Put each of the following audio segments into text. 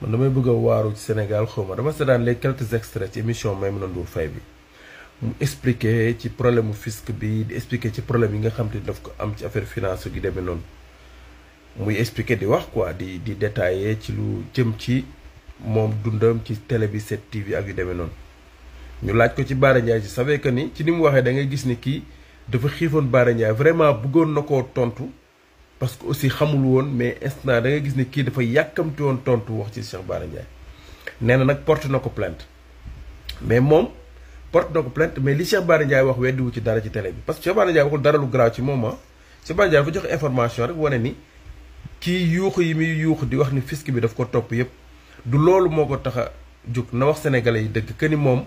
man damay bëgg a waaru ci Sénégal xaw ma dama seetaan les quelques extraits ci émission Maïmouna Ndour fay bi mu expliqué ci problème mu fisc bi di expliqué ci problème yi nga xam te daf ko am ci affaire finance gi demee noonu muy expliqué di wax quoi di di détaillé ci lu jëm ci moom dundam ci télé bi 7TV ak yu demee noonu ñu laaj ko ci Bara Ndiaye ci ni ci ni mu waxee da ngay gis ni kii dafa xiifoon Bara Ndiaye vraiment bëggoon na koo tontu. parce que aussi xamul woon mais instant da nga gis ne kii dafa yàkkamti woon tontu wax ci Cheikh Bara Ndiaye nee na nag porte na ko plainte mais moom porte na ko plainte mais li Cheikh Bara Ndiaye wax weddiwu ci dara ci tele bi parce que Cheikh Bara Ndiaye waxul dara lu garaaw ci moom ah Cheikh Bara Ndiaye dafa joxe information rek wane ni kii yuuxu yi muy yuuxu di wax ni fisc bi daf ko topp yépp du loolu moo ko tax a jóg na wax sénégalais yi dëgg que ni moom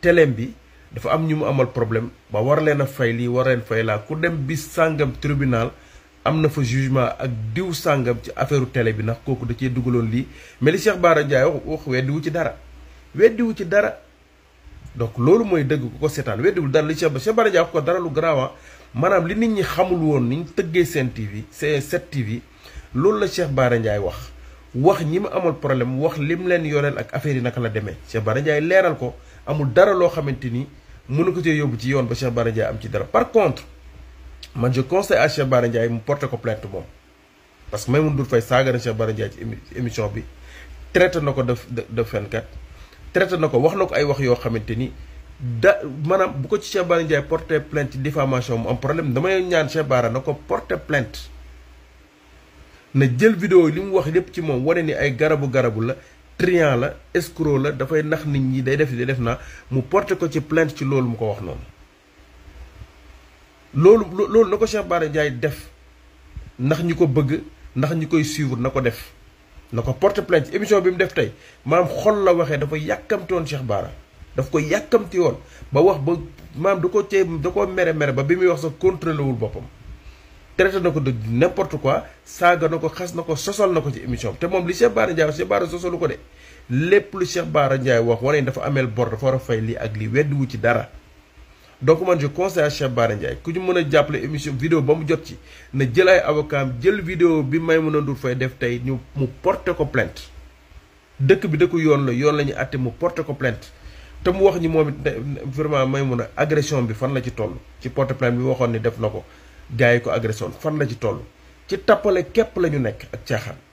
teleem bi dafa am ñu mu amal problème ba war leen a fay lii war fay laa ku dem bis sàngam tribunal am na fa jugement ak diw sàngam ci affaire tele bi ndax kooku da cee dugaloon lii mais li Cheikh Bara Ndiaye wax wax weddiwu ci dara weddiwu ci dara donc loolu mooy dëgg ku ko seetaan weddiwul dara li Cheikh Cheikh Bara Ndiaye ko dara lu garaaw ah. maanaam li nit ñi xamul woon ni ñu tëggee seen TV seen set TV loolu la Cheikh Bara Ndiaye wax wax ñi mu amal problème wax lim leen yoreel ak affaire yi naka la demee Cheikh Bara Ndiaye leeral ko amul dara loo xamante ni mënu ko cee yóbbu ci yoon ba Cheikh Bara Ndiaye am ci dara par man je conseille à Cheikh Bara mu porté ko plainte moom parce que Maimouna Ndour Faye saaga na Cheikh Bara Ndiaye ci émission bi traité na ko de de fenkat traité na ko wax na ko ay wax yoo xamante ni da maanaam bu ko ci Cheikh Bara Ndiaye porté plainte diffamation mu am problème damay ñaan Cheikh Bara na ko porté plainte na jël vidéo li mu wax lépp ci moom wane ni ay garabu garabu la triant la escroc la dafay nax nit ñi day def day def naa mu porte ko ci plainte ci loolu mu ko wax noonu loolu loolu la ko Cheikh Bara Ndiaye def ndax ñi ko bëgg ndax ñi koy suivre na ko def na ko porte plainte ci émission bi mu def tey maam xol la waxee dafa yàkkamti woon baara Bara daf ko yàkkamti woon ba wax ba maam da ko cee da ko mere mere ba bi muy wax sa contrôlé wul boppam traité na ko de n'importe quoi saaga na ko xas na ko sosal na ko ci émission te moom li Cheikh Bara Ndiaye wax Cheikh Bara sosalu ko de lépp lu Cheikh Bara Ndiaye wax wane dafa ameel bor dafa war a fay lii ak lii weddi wu ci dara donc man je conseille à Cheikh Bara ku ñu mën jàppale émission vidéo ba mu jot ci na jël ay avocat jël vidéo bi may Maimouna Ndour Faye def tey ñu mu porté ko plainte dëkk bi dëkku yoon la yoon la ñu àtte mu porté ko plainte te mu wax ñi moom it vraiment Maimouna agression bi fan la ci toll ci porte plainte bi waxoon ni def na ko gars yi ko agression fan la ci toll ci tappale képp la ñu nekk ak caaxaan